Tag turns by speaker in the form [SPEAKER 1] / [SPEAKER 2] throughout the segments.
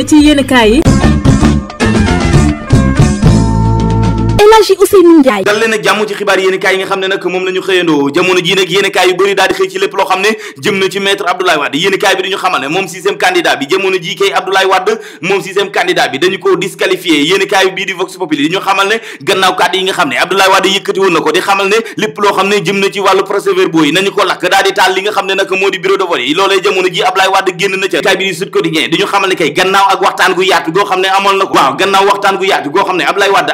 [SPEAKER 1] li ci yéenekaay yi Elhadji Ousseynou jàmm ci xibaar yéen yi nga xam ne nag moom la ñu jamono ji nag yéen i di jamono ji kay Abdoulaye Wade nañu ko lakk daal di taal li nga xam ne nag moo di bureau de vote yi loolee jamono ji Abdoulaye Wade génn na ca kaay bi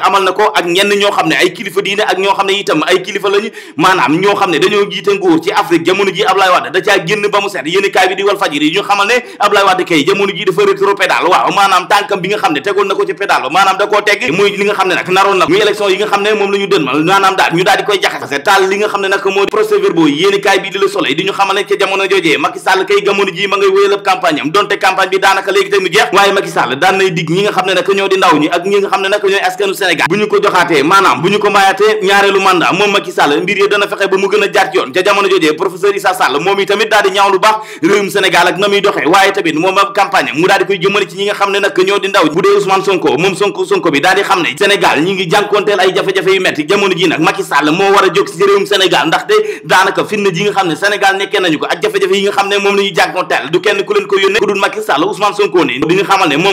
[SPEAKER 1] amal na ko ak ñenn ñoo xam ne ay kilifa lañu maanaam ñoo xam ne dañoo jiite nguur ci Afrique jamono ji Ablaye Wade da caa génn ba mu set yéen bi di la Soleil di ñu xamal ne ca jamono jojee Macky kay jamono ji ma ngay wéyal campagne donte campagne bi daanaka léegi tey mu jeex waaye Macky Sall dig ñi nga xam ne nag ñoo di ndaw ñi ak ñi nga xam ne nag ñooy askanu Sénégal bu ñu ko joxaatee maanaam bu ñu ko mayaatee ñaareelu mandat moom Macky Sall mbir yi dana fexe ba mu gën a jaar ci yoon ca jamono jojee professeur Issa moom i tamit ñaaw waaye tamit moom ab campagne mu daal di koy jëmale ci ñi nga xam ne nag ngi jànkoonteel ay jafe-jafe yu metti jamono ji nag Macky Sall a jóg ci réewum Sénégal ndax de daanaka fitna ji nga xam ne Sénégal nekkee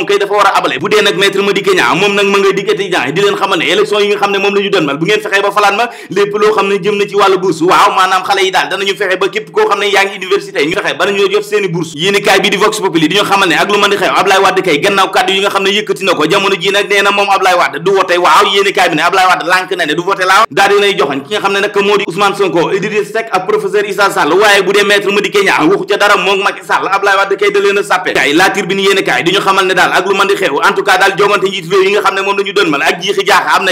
[SPEAKER 1] kay dafa war a abale bu dee nag maître Madické Niang moom nag ma ngay dikkati di leen xamal ne élection yi nga xam moom la ñu dënmal bu ngeen fexee ba falaat ma lépp loo xam ne jëm na ci wàllu bourse waaw maanaam xale yi daal danañu fexe ba képp koo xam ne yaa ngi université ñu fexe ba nañu jot seeni bourse yéenekaay bi di Vox Populi di ñu xamal ne ak lu mën di xew Ablaye Wade kay gannaaw kàddu yi nga xam ne yëkkati ko jamono ji nag nee na moom Ablaye Wade ne Ablaye Wade lànk na daal di nay joxoñ ki nga xam ne nag moo di Ousmane Sonko di di xew ak jiixi jaax am na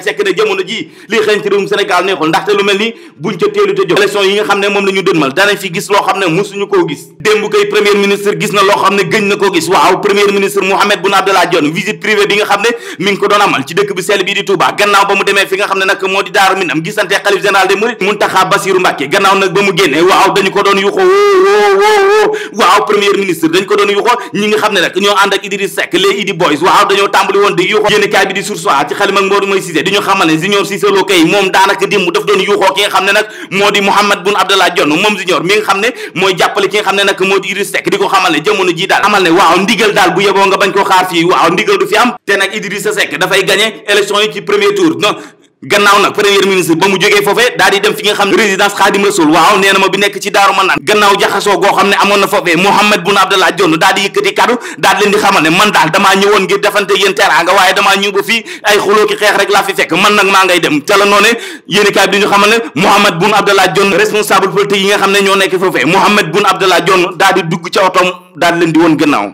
[SPEAKER 1] Ndiaye ne jamono jii lii xeeñ ci Sénégal neexul ndaxte lu mel ni buñ ca teelu te jóg élection yi nga xam ne moom la ñu dënmal danañ fi gis loo xam ne musuñu koo gis démb kay premier ministre gis na loo xam ne gëñ na koo gis waaw premier ministre Mahammed Boun Abdallah Dionne gannaaw nag ba mu génnee waaw dañu ko doon yuxoo woo premier ministre dañ ko doon yuxoo ñi nga xam ne nag ñoo ànd ak Idriss Seck les Idi Boys waaw dañoo tàmbali woon di yuxoo ñu xamal ne Junior Cissé Lo kay moom daanaka démb daf doon yuuxoo ki nga xam ne nag moo di Mouhamed Boun Abdallah Dionne moom Junior mi nga xam ne mooy jàppale ki nga xam ne nag moo di Idriss Seck di ko xamal ne jamono ji daal xamal ne waaw ndigal daal bu yeboo nga bañ ko xaar fii waaw ndigal du fi am te nag Idrissa Seck dafay gagné élection yi ci premier tour non gannaaw nag premier ministre ba mu jógee foofee daal di dem fi nga xam ne résidence xaadim rasul waaw nee na ma bi nekk ci daaru man naan gannaaw jaxasoo goo xam ne amoon na foofee Mohamed Boun Abdallah Dionne daal di yëkkati kaddu daal di leen di xamal ne man daal damaa ñëwoon ngir defante yéen teraanga waaye damaa ñëw ba fii ay xuloo laa fi fekk man nag maa daal di dugg ca otom daal di leen di woon gannaaw